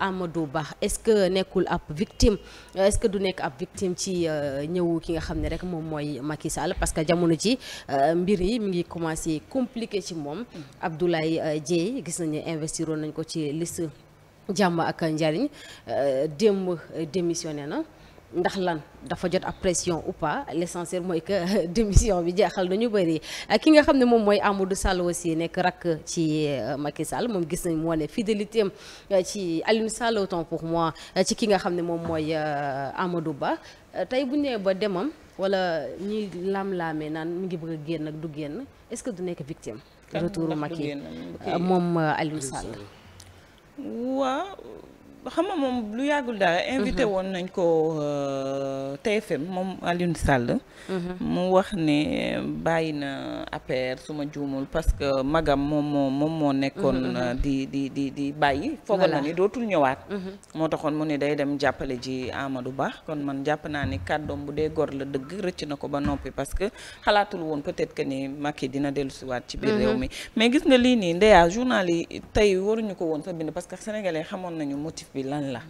Amadou Ba est-ce que nekkul ab victime euh, est-ce que du nekk ab victime ci euh, ñëw ki nga xam ne rek moom mooy Macky Sall parce que jamono ji euh, mbir yi mu ngi commencé compliqué ci moom Abdoulaye Dieye gis nañu investiroon nañ ko ci liste jàmm ak njariñ démb démissionné na ndax lan dafa jot ab pression ou pas l'essentiel mooy que démission bi jeexal nañu bëri ki nga xam ne moom mooy Amadou Sall aussi nekk rakk ci euh, Macky Sall moom gis nañ moo ne fidélité am euh, ci Aliou Sall autant pour euh, ci ki nga xam ne moom mooy Amadou Ba tey bu ñu nee ba demam wala ñiy laam-laamee naan mu ngi bëgg a génn ak du génn est-ce que du nekk victime retouru Macky moom Aliou Sall waaw xam nga moom lu yàggul dara. Mhm. invité woon nañ ko euh, TFM moom Alioune Sall. Mhm. mu wax ne bàyyi na APR su ma juumul parce que magam moom moom moo nekkoon. Mhm, di di di di bàyyi. foog na ni dootul ñëwaat. moo taxoon mu ne day dem jàppale ji Amadou Ba kon man jàpp naa ne kàddoom bu dee gor la dëgg rëcc na ko ba noppi parce que xalaatul woon peut-être que ni Macky dina dellusiwaat ci biir réew mi mais gis nga lii nii ndeyaa journal yi tey waruñu ko woon fa bind parce que sénégalais nañu bi lan la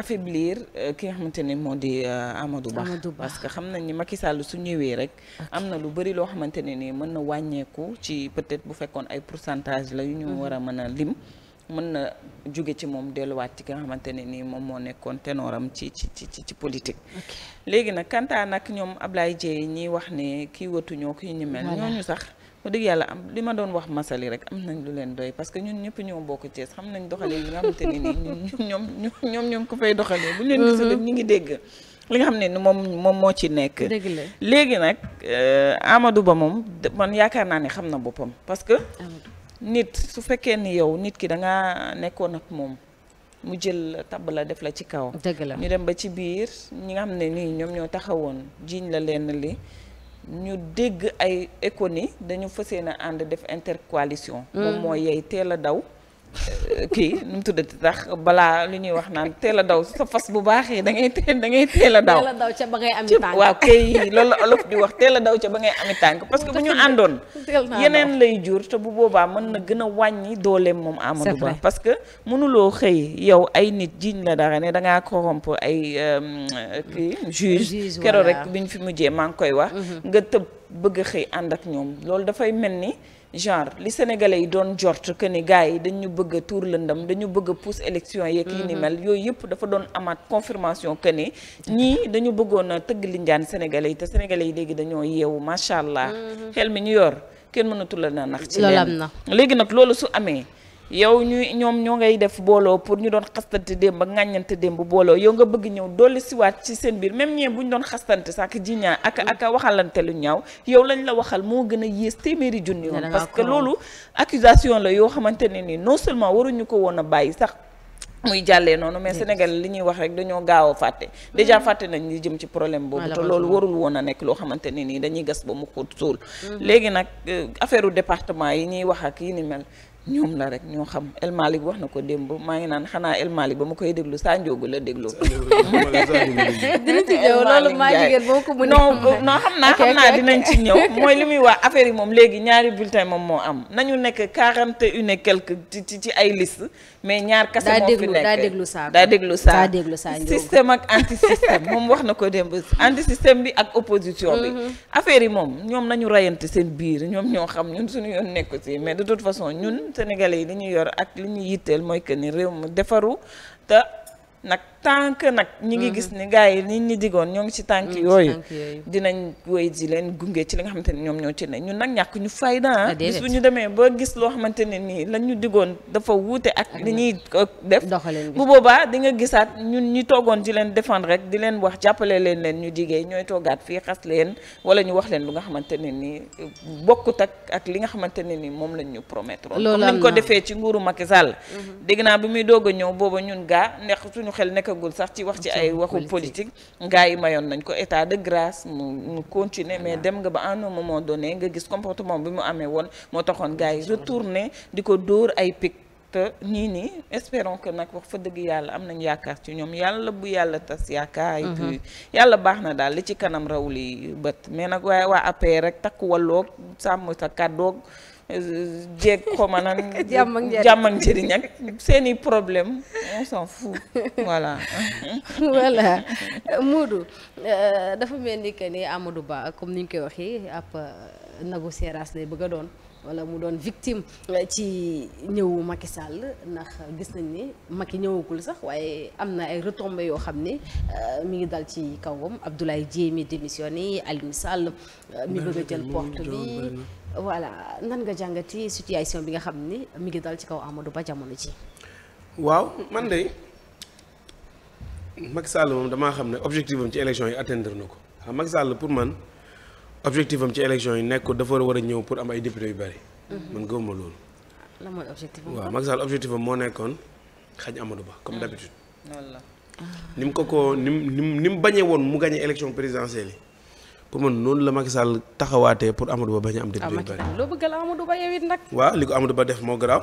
affaiblir euh, ki nga xamante ne moo di euh, Amadou Ba parce que xam nañ ni Macky Sall su ñëwee rek am na lu bëri loo xamante ne ni mën na wàññeeku ci peut-être bu fekkoon ay pourcentage la yu ñu mhm. war a mën a lim mën na jóge ci moom delluwaat ci ki xamante ne nii moom moo nekkoon tenooram ci ci ci ci politique. léegi nag kantaa nag ñoom Ablaye Dieye ñiy wax ne kii wëtu ñoo kii ñu mel. ñooñu sax. wax dëgg yàlla am li ma doon wax masali rek am nañ lu leen doy parce que ñun ñëpp ñoo bokk Thiès xam nañ doxalee li nga xamante ne nii ñun ñoom ñoom ñoom ko fay doxalee bu leen gisul mhm. ñu ngi dégg li nga xam ne ni moom moom moo ci nekk léegi nag euh, Amadou Ba moom man yaakaar naa ne xam na boppam parce que nit su fekkee ni yow nit ki da nga nekkoon ak moom mu jël tabb la def la ci kaw dëgg la ñu dem ba ci biir ñi nga xam ne nii ñoom ñoo taxawoon jiiñ la lenn li ñu dégg ay éconi dañu fas yéene ànd def intercoalition mm. moom mooy yey teel a daw kii nu mu tuddati tax balaa lu ñuy wax naan teel a daw sa fas bu baaxee yi da ngay da ngay teel a daw ca ba ngay ami tànk waaw kay la olof di wax teel a daw ca ba ngay ami tànk parce que bu ñu àndoon yeneen lay jur te bu boobaa mën na gën a wàññi dooleem moom Amadou Ba parce que mënuloo xëy yow ay nit jiiñ la dara ne dangaa corrompre ay euh, kii juge keroog rek bi ñu fi mujjee maa ngi koy wax mhm. nga tëb bëgg xëy ànd ak ñoom loolu dafay mel ni genre li sénégalais yi doon jort que ni gars yi dañu bëgg a tuur lëndam dañu bëgg a pousse élection yeeg yi ni mhm. mel yooyu yëpp dafa doon amaat confirmation que ni ñii dañu bëggoon a tëgg linjaan sénégalais yi te sénégalais yi léegi dañoo yeewu macha allah. Mhm. xel mi ñu yor kenn mënatul la na nax ci leen léegi nag loolu su amee yow ñuy ñoom ñoo ngay def booloo pour ñu doon xastante démb ak ŋàññante booloo yow nga bëgg ñëw dolli siwaat ci seen biir même ñee bu ñu doon xastante sàkk jiñaa ak mm. ak waxalante lu ñaaw yow lañu la waxal moo gën a yées téeméeri junni yoon parce que loolu accusation la yoo xamante ne ni non seulement waruñu ko woon a bàyyi sax muy jàllee noonu mais Sénégal li ñuy wax rek dañoo gaaw a fàtte déjà mm. fàtte nañ li jëm ci problème boobu te loolu warul woon a nekk loo xamante ne nii dañuy gas ba mu xóot suul mm-hmm. léegi nag euh, affaire département yi ñuy wax ak yi ni ñoom la rek ñoo xam El Malick wax na ko démb maa ngi naan xanaa El Malick ba ma koy déglu saa njóogu la déglu. dinañ ci ñëw loolu maa jigéen boo ko mënee euh, xam naa xam naa dinañ ci ñëw mooy li muy wax affaire yi moom léegi ñaari bulletin moom moo am nañu nekk quarante et une quelque ci ci ay liste mais ñaar kase moo fi nekk daa déglu saa daa déglu saa déglu saa système ak anti système moom wax na ko démb anti système bi ak opposition bi mm-hmm. affaire yi moom ñoom nañu rayante seen biir ñoom ñoo xam ñun suñu yoon nekk ci mais de toute sénégalais yi li ñu yor ak li ñu yitteel mooy que ni réew mu defaru te nag tant que nag ñi ngi gis mhm. ni gars yi nit ñi digoon ñoo ngi ci mm, tànk yooyu dinañ wéy di leen gunge ci li nga xamante ni ñoom ñoo ci ne ñun nag ñàkk ñu fayda ah. Ah, bis bu ñu demee ba gis loo xamante ne nii lañ ñu digoon dafa wuute ak li ñuy uh, def bu boobaa di nga gisaat ñun ñi toogoon di leen défendre rek di leen wax jàppale leen leen ñu digee ñooy toogaat fii xas leen wala ñu wax leen lu nga xamante ne nii uh, bokkut ak ak li nga xamante ne nii moom lañ ñu promettre comme ni ñu ko defee ci nguuru Macky Sall mhm. dégg naa bi muy doog ñëw booba ñun gaa nekk suñu xel nekk nekkagul sax ci wax ci ay waxu politique gars yi mayoon nañ ko état de grâce mu mu continuer mais dem nga ba en un moment donné nga gis comportement bi mu amee woon moo taxoon gars yi retourner di ko dóor ay pic te nii nii espérons que nag wax fa dëgg yàlla am nañ yaakaar ci ñoom yàlla bu yàlla tas yaakaar mm-hmm. yàlla baax na daal li ci kanam raw li bët mais nag waaye waa APR rek takku walloog sàmm sa kàddoog jeeg xoma nan jàmm ak njëriñ ak seen i problème on s'en fout voilà euh, dafa mel ni que ni Amadou Ba comme ni ñu koy waxee ab euh, nagu seeraas lay bëgg a doon wala mu doon victime eh, ci ñëwu Macky sàll ndax gis nañ ni Macky ñëwagul sax waaye am na ay retombées yoo xam ne eh, mi ngi dal ci kawam Abdoulaye Dièye mi démissionné Aliou Sall eh, mi a jël porte bi voilà nan nga jàngati situation bi nga xam ni mi ngi dal ci kaw Amadou Ba jamono ci waaw man de Macky Sall moom damaa xam ne objectif am ci élection yi atteindre na ko xam sàll pour man objectif am ci élection yi nekk dafa war a ñëw pour am ay député yu bari. Mhm. man ma loolu. Ah, lan mooy objectif am waaw moo nekkoon xañ amadu Ba comme mhm. d'habitude. Ah. ni mu ko ko ni mu ni mu bañee woon mu gagné élection présidentielle yi pour man noonu la Macky Sall taxawaatee pour Amadou Ba bañ am. député yu ah, bari ah waaw li ko Amadou Ba def moo garaaw.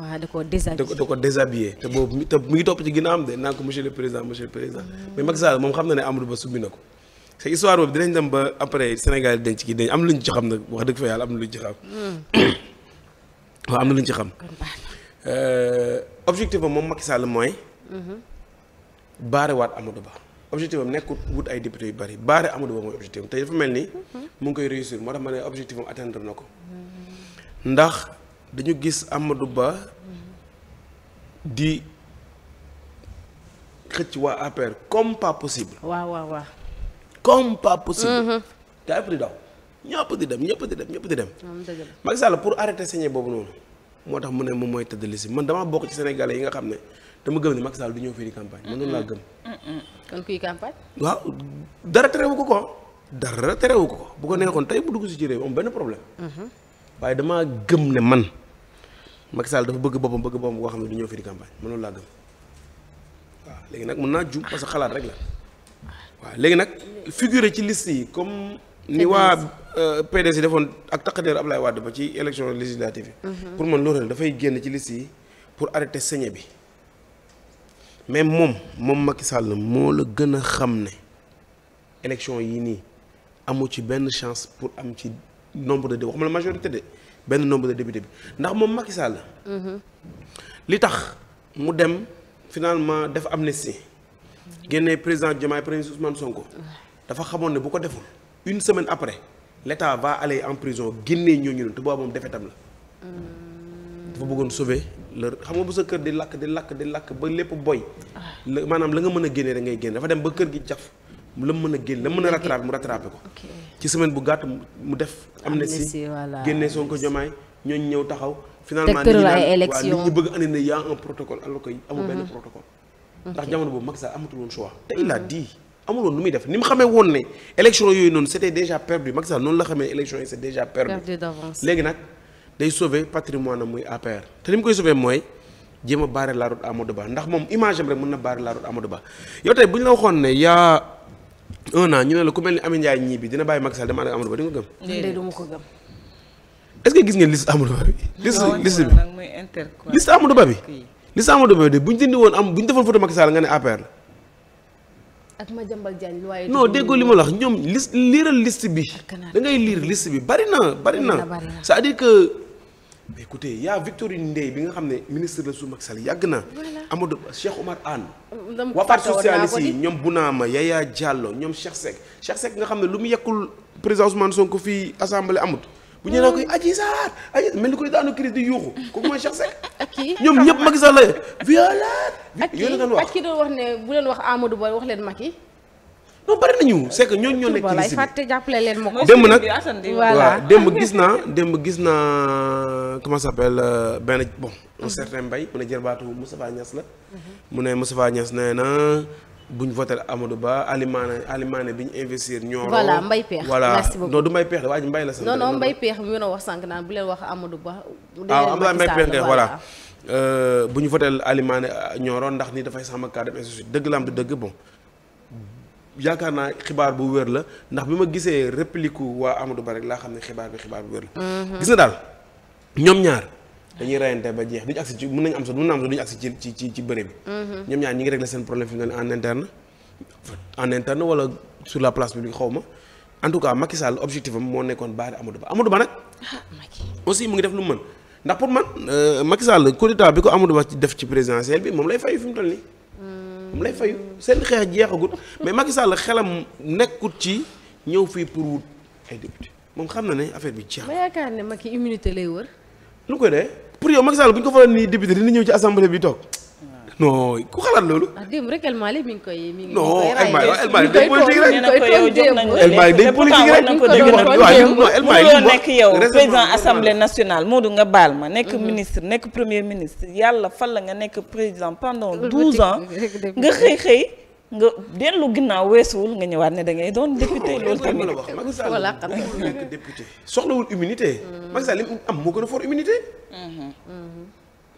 waaw da koo déshabillé da koo déshabillé te boobu te mu ngi topp ci ginnaaw am de naan ko monsieur le président monsieur le président. mais Macky Sall moom xam ne Amadou Ba subbi na ko. te histoire boobu dinañ dem ba après Sénégal denc gi dañ am na lu ñu ci xam nag wax dëgg fa yàlla am lu ñu ci xam. Hmm. waaw am na lu ñu ci xam. Euh, objectif am moom mm-hmm. Ba. objectif am nekkul wut ay député yu bari baare Amadou Ba mooy objectif te dafa mel ni. Mm-hmm. mu ngi koy réussir moo tax ma ne objectif am na ko. Mm-hmm. ndax. dañu gis am Amadou Ba di xëcc waa APR comme pas possible. waaw waaw waaw. comme pas possible. gaa mm-hmm. yëpp di daw ñëpp di dem ñëpp di dem ñëpp di dem. Macky Sall pour arrêter sañee boobu noonu. moo tax mu ne moom mooy tëdd si man damaa bokk ci Sénégalais yi nga xam ne dama gëm ne Macky Sall du ñëw fii di campagne. man noonu laa gëm. kon kuy campagne. waaw dara terewu ko ko dara terewu ko ko bu ko neexoon tey bu dugg si ci réew am benn problème. Mm-hmm. waaye damaa gëm ne man. Macky Sall dafa bëgg boppam bëgg boppam boo xam ne du ñëw fii di campagne mënul laa gëm waaw léegi nag mën naa jub parce que xalaat rek la waaw léegi nag figurer ci list yi comme ni waa PDS yi euh, defoon ak taqadeeru Ablaye Wade ba ci élection législative yi mhm. pour man loolu dafay génn ci liste yi pour arrêter sañe bi mais moom moom Macky Sall moo la gën a xam ne élection yi nii amu ci benn chance pour am ci nombre de dé waxuma la majorité de benn nombre de député bi ndax moom Macky Sall li tax mu dem finalement def amnistie génne président Diomaye premier Ousmane Sonko dafa xamoon ne bu ko deful une semaine après l'État ba aller en prison génnee ñooñu noonu te booba moom defetam la dafa bëggoon sauver leur xam nga bu sa kër di lakk di lakk di lakk ba lépp boy ah. maanaam la nga mën a génnee rek génne dafa dem ba kër gi jaf la mu mën na génn la mu mën ko. ci semaine bu gàtt mu def. amnistie génne Sonko Diomaye ñooñu ñëw taxaw. finalement li ñu naan waa li ñu bëgg a andi ne y' a un protocole alors que amul mhm. benn protocole. ndax jamono boobu Macky Sall amatul woon choix. te il a dit nu muy def ni mu xamee woon ne élection yooyu noonu c' était déjà perdu Macky Sall noonu la xamee élection yi c' est déjà perdu. léegi nag day sauver patrimoine am muy te li mu koy sauver mooy jéem a barrer la route Amadou Ba ndax moom image am na barrer la route Ba un an ñu ne la ku mel ni Amy Ndiaye ñii bi dina bàyyi Macky Sall dama ànd ak Amadou Ba di nga gëm. déedéet du ma ko gëm. est gis ngeen liste Amadou Ba bi. liste liste Ba bi. liste bu ñu dindi woon am bu ñu defoon photo Macky Sall nga ne APR la. ak Madiambal Diagne waaye. non déggoo li ma la wax ñoom liste liiral list bi. da ngay liir list bi bari na bari na que. mais écoutez y' a Victorine Ndeye bi nga xam ne ministre la su Macky yàgg na. Amadou Cheikh Omar Anne. Euh, dama waa parti socialiste yi ñoom Bounama Yaya Diallo ñoom Cheikh sec Cheikh Seck nga xam ne lu mu yekkul président Ousmane Sonko fii assemblée amut. bu ñu nee koy hmm. Adji Sarr Adji mel ni koy daanu crise di yuuxu kooku mooy Cheikh Seck. kii ñoom ñëpp Macky Sall la violette. ak kii ak ki doon wax ne bu leen wax Amadou Ba wax leen yi non bari nañu c' ñooñu ñoo nekk ci liste jàppale leen ma ko. démb nag voilà démb gis naa démb gis naa comment ça s' appelle euh, benn bon un certain mbay mu ne jërbaatu Moustapha Niass la. Mhm. mu ne Moustapha Niass nee na buñ voté Amadou Ba alimaane alimaane bi ñu investir. ñooro voilà mbay peex merci beaucoup voilà du mbay peex la mbay la. sant non non mbay peex mi nga wax sànq naan bu leen wax Amadou Ba. bu mbay bu ñu voté alimaane ñooro ndax ni dafay sàmm kàddu dëgg la am du dëgg bon. yaakaar naa xibaar bu wér la ndax bi ma gisee réplique waa Amadou Ba rek laa xam ne xibaar bi xibaar bu wér la. Mhm. gis na daal ñoom ñaar dañuy rayante ba jeex duñu agsi ci mën nañu am sax mën na am sax duñu agsi ci ci ci bëre bi. Mhm. ñoom ñaar ñi ngi régler seen problème fi mu ne en interne. en interne wala sur la place publique xaw ma en tout cas Macky Sall objectif am moo nekkoon baare Amadou Ba Ba nag. Ah, aussi mu ngi def lu mu mën ndax pour man euh, Macky Sall coup d'état bi ko Amadou Ba def ci présidentielle bi moom lay fay fi mu toll nii. mu lay fayu seen xeex jeexagut mais Macky Sall xelam nekkut ci ñëw fii pour wut ay député moom xam na ne affaire bi jeex. ma yaakaar ne Macky immunité lay wër. lu koy dee pour yow Macky Sall bu ñu ko faral nii député dina ñëw ci assemblée bi toog. non ku xalaat loolu. ah démb rek El na ko yow jox nañu ko léegi te pourtant war na ko nekk yow président assemblée nationale Modou nga baal ma nekk mhm. ministre nekk premier ministre yàlla fal la nga nekk président pendant douze ans nga xëy xëy. nga dellu ginnaaw weesuwul nga ñëwaat ne da ngay doon député loolu tamit Macky Sall nekk député soxlawul immunité mhm. Macky li am moo gën a fort immunité mhm.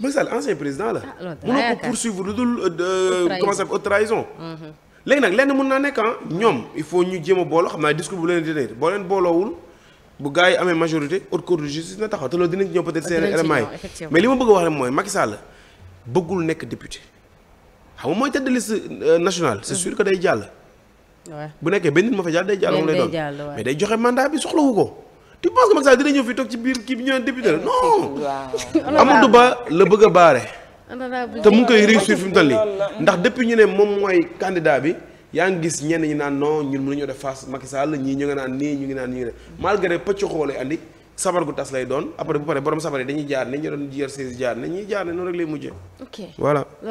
Macky Sall ancien président la. ah mënoo ko poursuivre lu dul. Euh, euh, comment ça trahison. Mhm. léegi nag lenn mun naa nekk ah, ñoom il faut ñu jéem a booloo xam naa discours bu leen di tenir boo leen booloowul bu gars yi amee majorité na taxaw te loolu dinañ ñëw peut-être seen élément mais li ma bëgg a wax rek mooy Macky Sall bëggul nekk député xam nga mooy tête de national euh, nationale c'est mm. sûr que day jàll. bu nekkee benn nit ma fa jàll day jàll moom lay doon mais day joxe mandat bi soxlawu ko. tu penses que Macky dina ñëw fi toog ci biir kii bi ñu naan député la non. Amadou Ba la bëgg a baare. te mu ngi koy réussir fi mu toll nii ndax depuis ñu ne moom mooy candidat bi yaa ngi gis ñenn ñi naan non ñun mu mënuñoo def face Macky Sall ñii ñu ngi naan nii ñu ngi naan ñu ngi malgré pëcc xool lay andi sabar gu tas lay doon après bu pare borom sabar yi dañuy jaar ne ñu doon jiyar seen jaar ne ñuy jaar ne noonu rek lay mujjee. ok